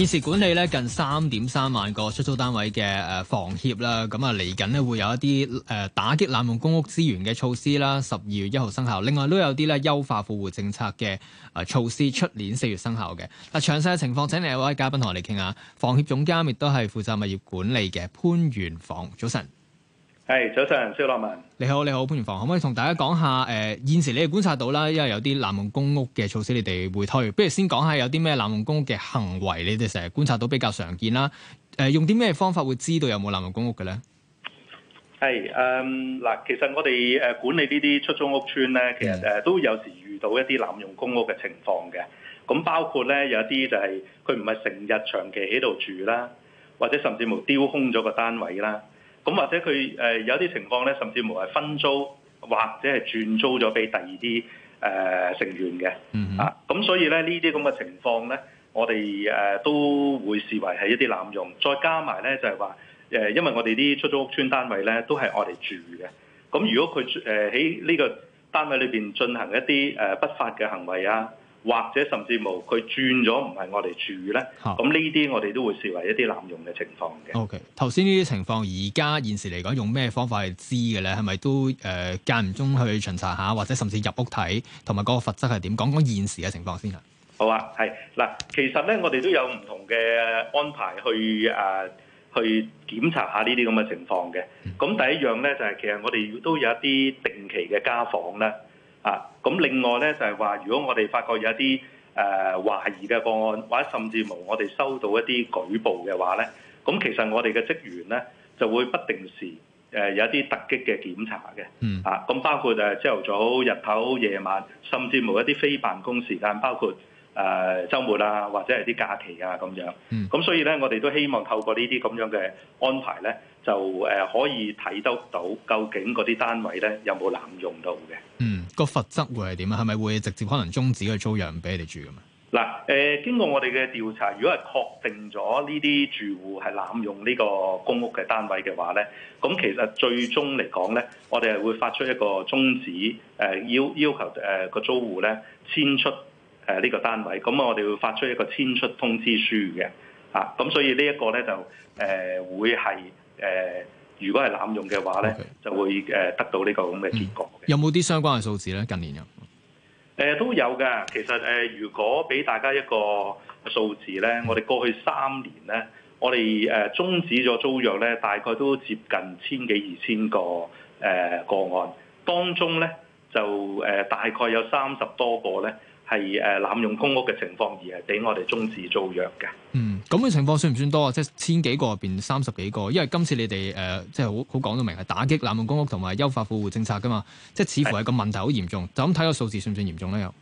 現時管理近三點三萬個出租單位嘅誒房協啦，咁啊嚟緊咧會有一啲誒打擊濫用公屋資源嘅措施啦，十二月一號生效。另外都有啲咧優化富戶政策嘅誒措施，出年四月生效嘅。嗱，詳細嘅情況，請另一位嘉賓同我哋傾下。房協總監亦都係負責物業管理嘅潘源舫，早晨。係，早晨，肖樂文。你好，你好，潘源舫，可唔可以同大家講下？誒、呃，現時你哋觀察到啦，因為有啲濫用公屋嘅措施，你哋會推。不如先講下有啲咩濫用公屋嘅行為，你哋成日觀察到比較常見啦。誒、呃，用啲咩方法會知道有冇濫用公屋嘅咧？係，誒，嗱，其實我哋誒管理呢啲出租屋邨咧，其實誒都有時遇到一啲濫用公屋嘅情況嘅。咁包括咧有一啲就係佢唔係成日長期喺度住啦，或者甚至乎丟空咗個單位啦。咁或者佢誒、呃、有啲情況咧，甚至乎係分租或者係轉租咗俾第二啲誒成員嘅。啊，咁所以咧呢啲咁嘅情況咧，我哋誒、呃、都會視為係一啲濫用，再加埋咧就係話誒，因為我哋啲出租屋邨單位咧都係我哋住嘅，咁如果佢誒喺呢個單位裏邊進行一啲誒、呃、不法嘅行為啊。或者甚至冇佢轉咗，唔、啊、係我哋住咧，咁呢啲我哋都會視為一啲濫用嘅情況嘅。O.K. 頭先呢啲情況，而家現時嚟講，用咩方法去知嘅咧？係咪都誒、呃、間唔中去巡查下，或者甚至入屋睇，同埋個罰則係點？講講現時嘅情況先啦。好啊，係嗱，其實咧，我哋都有唔同嘅安排去誒、呃、去檢查下呢啲咁嘅情況嘅。咁、嗯、第一樣咧，就係、是、其實我哋都有一啲定期嘅家訪啦。啊！咁另外咧，就係話，如果我哋發覺有一啲誒、呃、懷疑嘅個案，或者甚至乎我哋收到一啲舉報嘅話咧，咁其實我哋嘅職員咧就會不定時誒有啲突擊嘅檢查嘅。嗯。啊！咁包括誒朝頭早、日頭、夜晚，甚至乎一啲非辦公時間，包括誒、呃、週末啊，或者係啲假期啊咁樣。咁、嗯、所以咧，我哋都希望透過呢啲咁樣嘅安排咧，就誒可以睇得到究竟嗰啲單位咧有冇濫用到嘅。嗯。個罰則會係點啊？係咪會直接可能終止佢租約，唔俾佢哋住嘅嘛？嗱，誒，經過我哋嘅調查，如果係確定咗呢啲住戶係濫用呢個公屋嘅單位嘅話咧，咁其實最終嚟講咧，我哋係會發出一個終止誒，要要求誒個、呃、租戶咧遷出誒呢、呃呢個單位，咁我哋會發出一個遷出通知書嘅，啊，咁所以呢一個咧就誒、呃、會係誒。呃如果係濫用嘅話咧，Okay. 就會誒得到呢個咁嘅結果。嗯、有冇啲相關嘅數字咧？近年有誒、呃、都有嘅。其實誒、呃，如果俾大家一個數字咧，我哋過去三年咧，我哋誒終止咗租約咧，大概都接近千幾二千個誒、呃、個案，當中咧就誒、呃、大概有三十多個咧。係誒、啊、濫用公屋嘅情況而係俾我哋終止租約嘅。嗯，咁嘅情況算唔算多啊？即係千幾個入邊三十幾個，因為今次你哋誒、呃、即係好好講到明係打擊濫用公屋同埋優化富戶政策噶嘛，即係似乎係個問題好嚴重。就咁睇個數字算唔算嚴重咧？又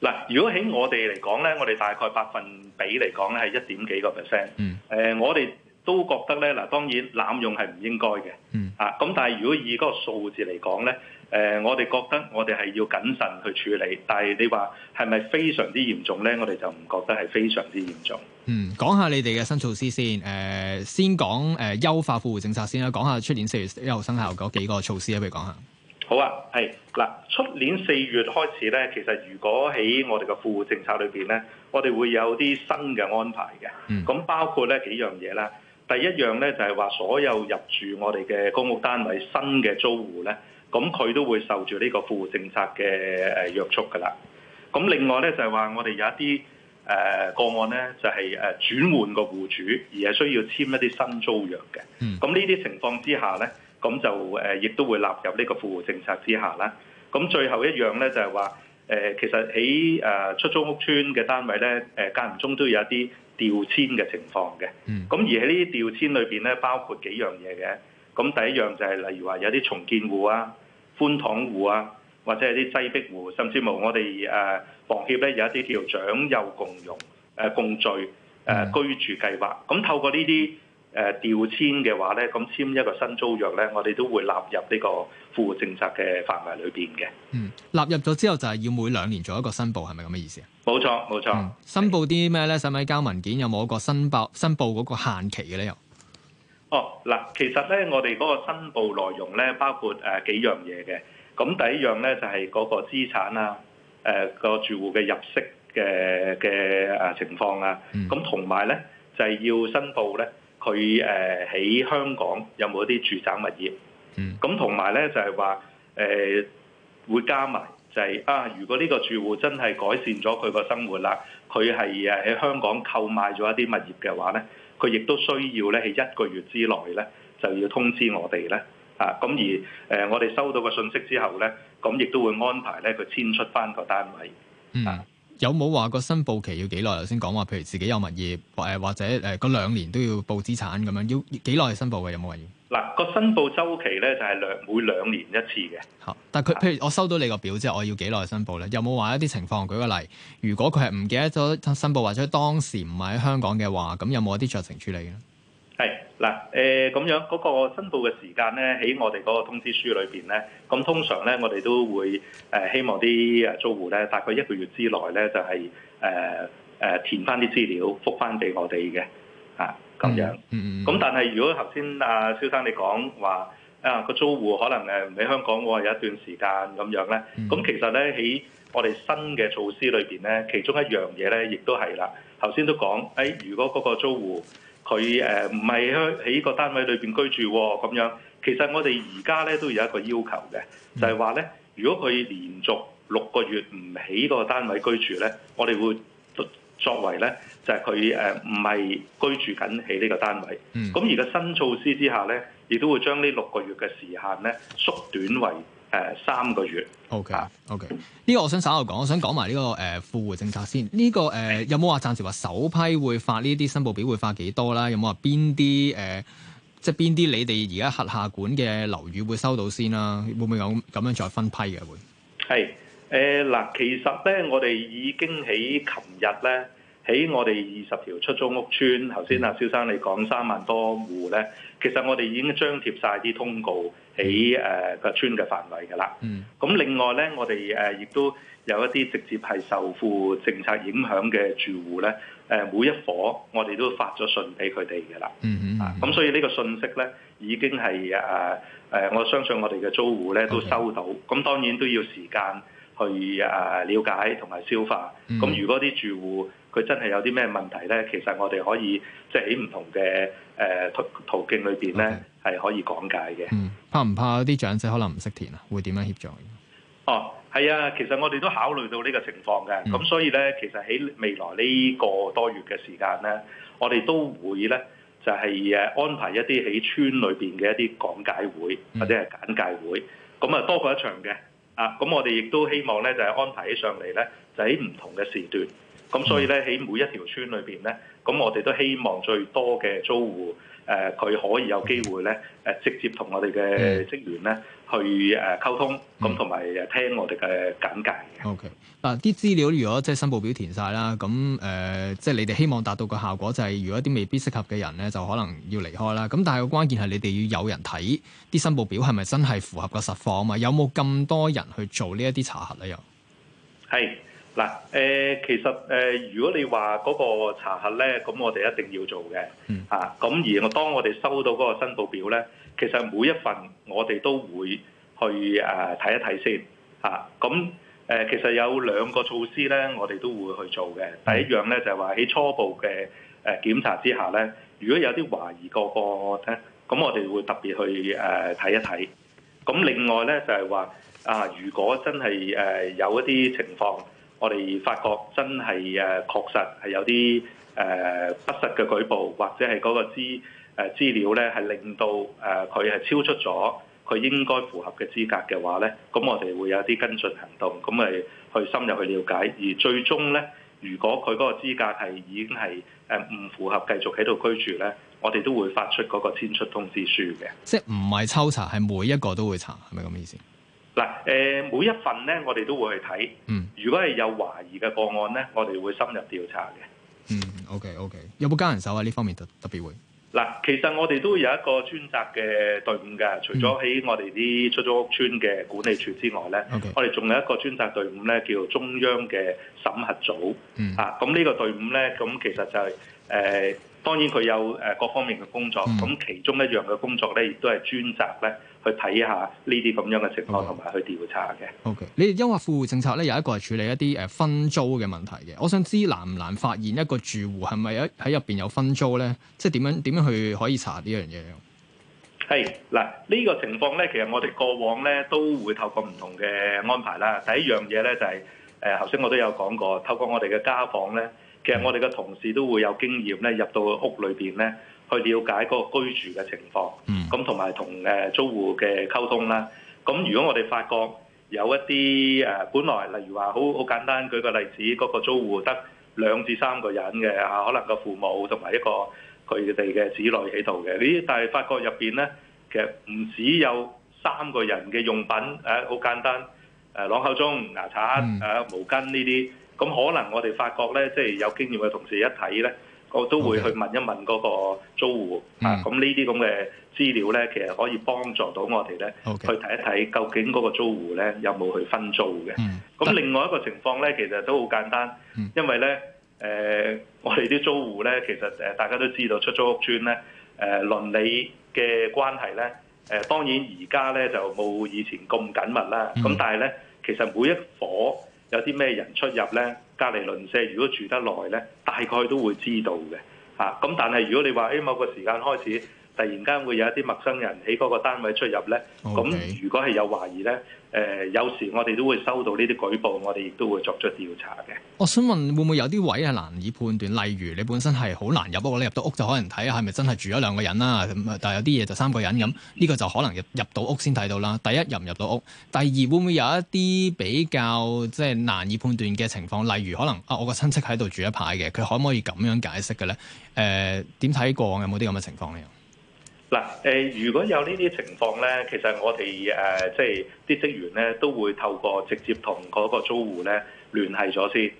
嗱，如果喺我哋嚟講咧，我哋大概百分比嚟講咧係一點幾個 percent。嗯。呃、我哋都覺得咧嗱，當然濫用係唔應該嘅。嗯。啊，咁但係如果以嗰個數字嚟講咧。誒、呃，我哋覺得我哋係要謹慎去處理，但係你話係咪非常之嚴重咧？我哋就唔覺得係非常之嚴重。嗯，講下你哋嘅新措施先。誒、呃，先講誒、呃、優化富戶政策先啦。講下出年四月一號生效嗰幾個措施啊，俾你講下。好啊，係嗱，出年四月開始咧，其實如果喺我哋嘅富戶政策裏邊咧，我哋會有啲新嘅安排嘅。嗯，咁包括咧幾樣嘢啦。第一樣咧就係話所有入住我哋嘅公屋單位新嘅租戶咧。咁佢都會受住呢個富戶政策嘅誒約束㗎啦。咁另外咧就係話，我哋有一啲誒、呃、個案咧，就係、是、誒轉換個戶主，而係需要簽一啲新租約嘅。咁呢啲情況之下咧，咁就誒亦、呃、都會納入呢個富戶政策之下啦。咁最後一樣咧就係、是、話，誒、呃、其實喺誒、呃、出租屋邨嘅單位咧，誒、呃、間唔中都有一啲調遷嘅情況嘅。咁而喺呢啲調遷裏邊咧，包括幾樣嘢嘅。咁第一樣就係、是、例如話有啲重建戶啊。寬敞戶啊，或者係啲擠逼戶，甚至乎我哋誒房協咧有一啲叫長幼共用誒、呃、共聚誒、呃嗯、居住計劃。咁透過呢啲誒調遷嘅話咧，咁簽一個新租約咧，我哋都會納入呢個富戶政策嘅範圍裏邊嘅。嗯，納入咗之後就係要每兩年做一個申報，係咪咁嘅意思啊？冇錯冇錯、嗯，申報啲咩咧？使唔使交文件？有冇一個申報申報嗰個限期嘅咧？又？嗱、哦，其實咧，我哋嗰個申報內容咧，包括誒、呃、幾樣嘢嘅。咁第一樣咧就係、是、嗰個資產、呃那個呃、啊，誒個住戶嘅入息嘅嘅啊情況啊。咁同埋咧就係、是、要申報咧，佢誒喺香港有冇一啲住宅物業。咁同埋咧就係話誒會加埋、就是，就係啊，如果呢個住戶真係改善咗佢個生活啦，佢係誒喺香港購買咗一啲物業嘅話咧。佢亦都需要咧喺一個月之內咧，就要通知我哋咧，啊咁而誒我哋收到個信息之後咧，咁亦都會安排咧佢遷出翻個單位。嗯，有冇話個申報期要幾耐？頭先講話，譬如自己有物業，誒或者誒個兩年都要報資產咁樣，要幾耐申報嘅？有冇話要？嗱。個申報周期咧就係兩每兩年一次嘅。好，但係佢譬如我收到你個表之後，我要幾耐申報咧？有冇話一啲情況？舉個例，如果佢係唔記得咗申報或者當時唔喺香港嘅話，咁有冇一啲酌情處理咧？係嗱，誒、呃、咁樣嗰個申報嘅時間咧，喺我哋嗰個通知書裏邊咧，咁通常咧我哋都會誒希望啲誒租戶咧，大概一個月之內咧就係誒誒填翻啲資料，覆翻俾我哋嘅啊。咁、嗯、樣，咁、嗯嗯、但係如果頭先阿蕭生你講話啊個租戶可能誒唔喺香港喎有一段時間咁樣咧，咁、嗯、其實咧喺我哋新嘅措施裏邊咧，其中一樣嘢咧亦都係啦。頭先都講誒、哎，如果嗰個租戶佢誒唔係喺喺個單位裏邊居住咁樣，其實我哋而家咧都有一個要求嘅，就係話咧，如果佢連續六個月唔喺嗰個單位居住咧，我哋會。作為咧，就係佢誒唔係居住緊喺呢個單位。咁、嗯、而家新措施之下咧，亦都會將呢六個月嘅時限咧縮短為、呃、三個月。OK，OK、okay, okay. 啊。呢、這個我想稍後講，我想講埋呢個誒富戶政策先。呢、這個、呃、有冇話暫時話首批會發呢啲申報表會發幾多啦？有冇話邊啲即係邊啲你哋而家轄下管嘅樓宇會收到先啦、啊？會唔會有咁咁樣再分批嘅會？誒嗱，其實咧，我哋已經喺琴日咧，喺我哋二十條出租屋邨，頭先阿蕭生你講三萬多戶咧，其實我哋已經張貼晒啲通告喺誒個邨嘅範圍㗎啦。嗯。咁另外咧，我哋誒亦都有一啲直接係受富戶政策影響嘅住戶咧，誒每一夥我哋都發咗信俾佢哋㗎啦。嗯嗯。啊，咁所以呢個信息咧已經係誒誒，我相信我哋嘅租戶咧都收到。咁、okay. 當然都要時間。去了解同埋消化，咁、嗯、如果啲住戶佢真係有啲咩問題咧，其實我哋可以即係喺唔同嘅途徑裏邊咧，係可以講解嘅、嗯。怕唔怕啲長者可能唔識填啊？會點樣協助？哦，係啊，其實我哋都考慮到呢個情況嘅，咁、嗯、所以咧，其實喺未來呢個多月嘅時間咧，我哋都會咧就係安排一啲喺村裏邊嘅一啲講解會或者係簡介會，咁、嗯、啊多過一場嘅。啊，咁我哋亦都希望咧，就係安排起上嚟咧，就喺唔同嘅時段。咁所以咧，喺每一條村裏邊咧，咁我哋都希望最多嘅租戶，誒、呃，佢可以有機會咧，誒、呃、直接同我哋嘅職員咧去誒溝通，咁同埋誒聽我哋嘅簡介嘅。O K，嗱，啲資料如果即係申報表填晒啦，咁誒即係你哋希望達到個效果就係、是、如果啲未必適合嘅人咧，就可能要離開啦。咁但係個關鍵係你哋要有人睇啲申報表係咪真係符合個實況啊？嘛，有冇咁多人去做呢一啲查核咧？又係。嗱，誒其實誒，如果你話嗰個查核咧，咁我哋一定要做嘅，嚇、嗯。咁而當我哋收到嗰個申報表咧，其實每一份我哋都會去誒睇一睇先，嚇。咁誒其實有兩個措施咧，我哋都會去做嘅。第一樣咧就係話喺初步嘅誒檢查之下咧，如果有啲懷疑個個案咧，咁我哋會特別去誒睇一睇。咁另外咧就係話啊，如果真係誒有一啲情況，我哋發覺真係誒確實係有啲誒不實嘅舉報，或者係嗰個資誒資料咧，係令到誒佢係超出咗佢應該符合嘅資格嘅話咧，咁我哋會有啲跟進行動，咁咪去深入去了解。而最終咧，如果佢嗰個資格係已經係誒唔符合繼續喺度居住咧，我哋都會發出嗰個遷出通知書嘅。即係唔係抽查，係每一個都會查，係咪咁嘅意思？嗱，誒每一份咧，我哋都會去睇。嗯，如果係有懷疑嘅個案咧，我哋會深入調查嘅。嗯，OK OK，有冇加人手啊？呢方面特特別會。嗱，其實我哋都有一個專責嘅隊伍嘅，除咗喺我哋啲出租屋邨嘅管理處之外咧、嗯，我哋仲有一個專責隊伍咧，叫中央嘅審核組。嗯。啊，咁呢個隊伍咧，咁其實就係、是、誒、呃，當然佢有誒各方面嘅工作，咁、嗯、其中一樣嘅工作咧，亦都係專責咧。去睇下呢啲咁樣嘅情況，同埋去調查嘅。OK，okay. 你哋優化富戶政策咧，有一個係處理一啲誒分租嘅問題嘅。我想知難唔難發現一個住戶係咪喺喺入邊有分租咧？即係點樣點樣去可以查呢樣嘢？係、hey, 嗱，呢個情況咧，其實我哋過往咧都會透過唔同嘅安排啦。第一樣嘢咧就係誒頭先我都有講過，透過我哋嘅家訪咧，其實我哋嘅同事都會有經驗咧，入到屋裏邊咧。去了解嗰個居住嘅情況，咁同埋同誒租戶嘅溝通啦。咁如果我哋發覺有一啲誒，本來例如話好好簡單，舉個例子，嗰個租戶得兩至三個人嘅嚇，可能個父母同埋一個佢哋嘅子女喺度嘅。啲但係發覺入邊咧，其實唔止有三個人嘅用品誒，好簡單誒，漱口盅、牙刷、嗯、毛巾呢啲。咁可能我哋發覺咧，即係有經驗嘅同事一睇咧。我都會去問一問嗰個租戶、okay. 啊，咁呢啲咁嘅資料咧，其實可以幫助到我哋咧，okay. 去睇一睇究竟嗰個租戶咧有冇去分租嘅。咁、嗯、另外一個情況咧，其實都好簡單，因為咧，誒、呃，我哋啲租戶咧，其實誒，大家都知道出租屋村咧，誒、呃，鄰里嘅關係咧，誒、呃，當然而家咧就冇以前咁緊密啦。咁、嗯、但係咧，其實每一伙。有啲咩人出入咧？隔離鄰舍如果住得耐咧，大概都會知道嘅吓，咁、啊、但係如果你話喺、欸、某個時間開始。突然間會有一啲陌生人喺嗰個單位出入咧，咁、okay、如果係有懷疑咧，誒有時我哋都會收到呢啲舉報，我哋亦都會作出調查嘅。我想問會唔會有啲位係難以判斷，例如你本身係好難入屋，不過你入到屋就可能睇下係咪真係住咗兩個人啦。但係有啲嘢就三個人咁，呢個就可能入入到屋先睇到啦。第一入唔入到屋，第二會唔會有一啲比較即係難以判斷嘅情況，例如可能啊，我個親戚喺度住一排嘅，佢可唔可以咁樣解釋嘅咧？誒點睇過往有冇啲咁嘅情況呢？嗱，誒如果有呢啲情況咧，其實我哋誒即係啲職員咧都會透過直接同嗰個租戶咧聯繫咗先，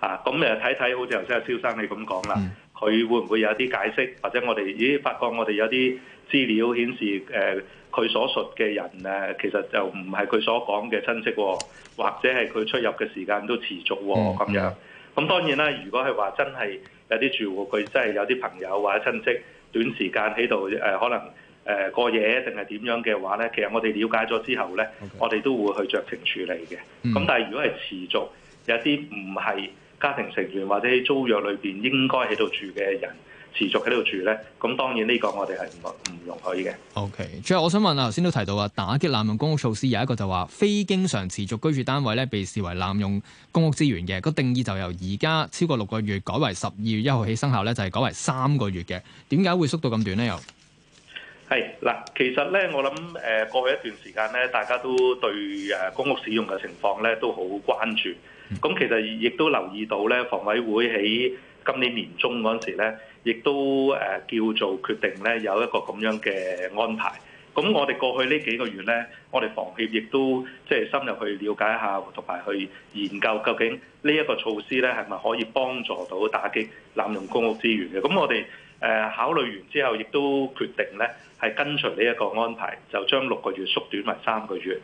嚇咁誒睇睇，好似頭先阿蕭生你咁講啦，佢會唔會有啲解釋？或者我哋咦發覺我哋有啲資料顯示誒佢所述嘅人咧，其實就唔係佢所講嘅親戚喎，或者係佢出入嘅時間都持續喎咁、嗯、樣。咁當然啦，如果係話真係有啲住戶佢真係有啲朋友或者親戚。短時間喺度、呃、可能誒嘢、呃、過夜定係點樣嘅話咧，其實我哋了解咗之後咧，okay. 我哋都會去酌情處理嘅。咁但係如果係持續有啲唔係家庭成員或者喺租約裏面應該喺度住嘅人，持續喺度住呢，咁當然呢個我哋係唔唔容許嘅。OK，最後我想問啊，頭先都提到啊打擊濫用公屋措施有一個就話非經常持續居住單位呢，被視為濫用公屋資源嘅個定義就由而家超過六個月改為十二月一號起生效呢，就係改為三個月嘅，點解會縮到咁短呢？又係嗱，其實呢，我諗誒過去一段時間呢，大家都對誒公屋使用嘅情況呢都好關注，咁、嗯、其實亦都留意到呢，房委會喺今年年中嗰陣時呢。亦都誒叫做決定咧，有一個咁樣嘅安排。咁我哋過去呢幾個月呢，我哋房協亦都即係深入去了解一下，同埋去研究究竟呢一個措施咧係咪可以幫助到打擊濫用公屋資源嘅。咁我哋誒考慮完之後，亦都決定咧係跟隨呢一個安排，就將六個月縮短為三個月。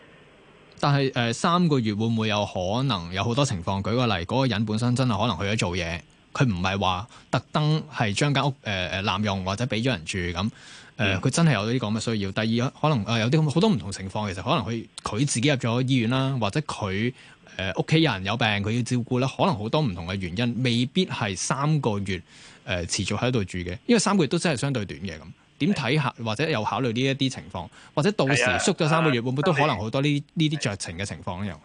但係誒、呃、三個月會唔會有可能有好多情況？舉個例，嗰個人本身真係可能去咗做嘢。佢唔係話特登係將間屋誒誒濫用或者俾咗人住咁誒，佢、呃嗯、真係有呢個咁嘅需要。第二可能誒、呃、有啲咁好多唔同情況，其實可能佢佢自己入咗醫院啦，或者佢誒屋企人有病，佢要照顧啦。可能好多唔同嘅原因，未必係三個月誒、呃、持續喺度住嘅。因為三個月都真係相對短嘅，咁點睇下，或者有考慮呢一啲情況，或者到時縮咗三個月，會唔會都可能好多呢呢啲酌情嘅情況咧？又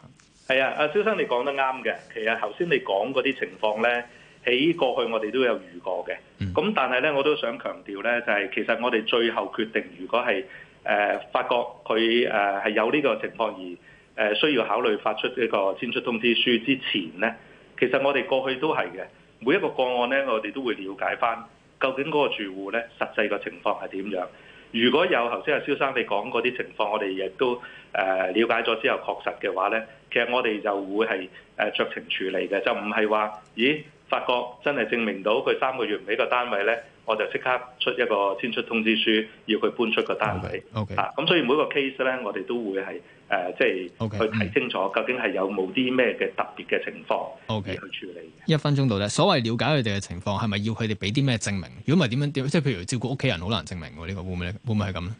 係啊，阿蕭生你講得啱嘅，其實頭先你講嗰啲情況咧。喺過去我哋都有遇過嘅，咁但係咧，我都想強調咧，就係其實我哋最後決定，如果係誒發覺佢誒係有呢個情況而誒需要考慮發出呢個遷出通知書之前咧，其實我哋過去都係嘅。每一個個案咧，我哋都會了解翻究竟嗰個住戶咧實際個情況係點樣。如果有頭先阿蕭生你講嗰啲情況，我哋亦都誒瞭解咗之後確實嘅話咧，其實我哋就會係誒酌情處理嘅，就唔係話咦。發覺真係證明到佢三個月唔喺個單位咧，我就即刻出一個遷出通知書，要佢搬出個單位。嚇、okay, 咁、okay. 啊嗯，所以每個 case 咧，我哋都會係誒、呃，即係、okay, 去睇清楚究竟係有冇啲咩嘅特別嘅情況嚟去處理的。Okay. 一分鐘度咧，所謂了解佢哋嘅情況，係咪要佢哋俾啲咩證明？如果唔係點樣點？即係譬如照顧屋企人好難證明喎，這個、會會是這樣呢個會唔會會唔會係咁咧？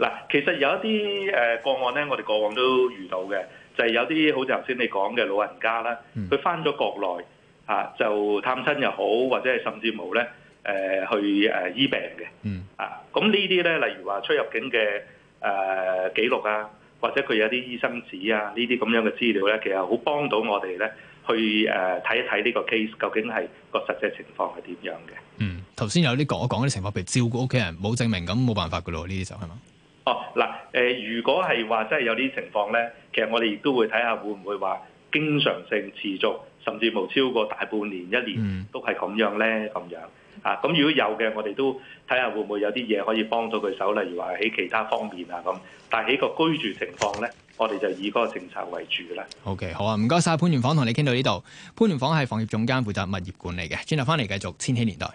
嗱，其實有一啲誒、呃、個案咧，我哋過往都遇到嘅，就係、是、有啲好似頭先你講嘅老人家啦，佢返咗國內。啊，就探親又好，或者係甚至冇咧，誒去誒醫病嘅。嗯。啊，咁呢啲咧，例如話出入境嘅誒記錄啊，或者佢有啲醫生紙啊，呢啲咁樣嘅資料咧，其實好幫到我哋咧，去誒睇一睇呢個 case 究竟係個實際情況係點樣嘅。嗯，頭先有啲講，我講啲情況，譬如照顧屋企人冇證明咁冇辦法嘅咯，呢啲就係嘛。哦，嗱，誒，如果係話真係有啲情況咧，其實我哋亦都會睇下會唔會話。經常性持續，甚至冇超過大半年、一年都係咁樣咧，咁樣啊！咁如果有嘅，我哋都睇下會唔會有啲嘢可以幫到佢手，例如話喺其他方面啊咁。但係喺個居住情況咧，我哋就以嗰個政策為主啦。OK，好啊，唔該晒。潘源舫同你傾到呢度。潘源舫係房協總監負責物業管理嘅，轉頭返嚟繼續千禧年代。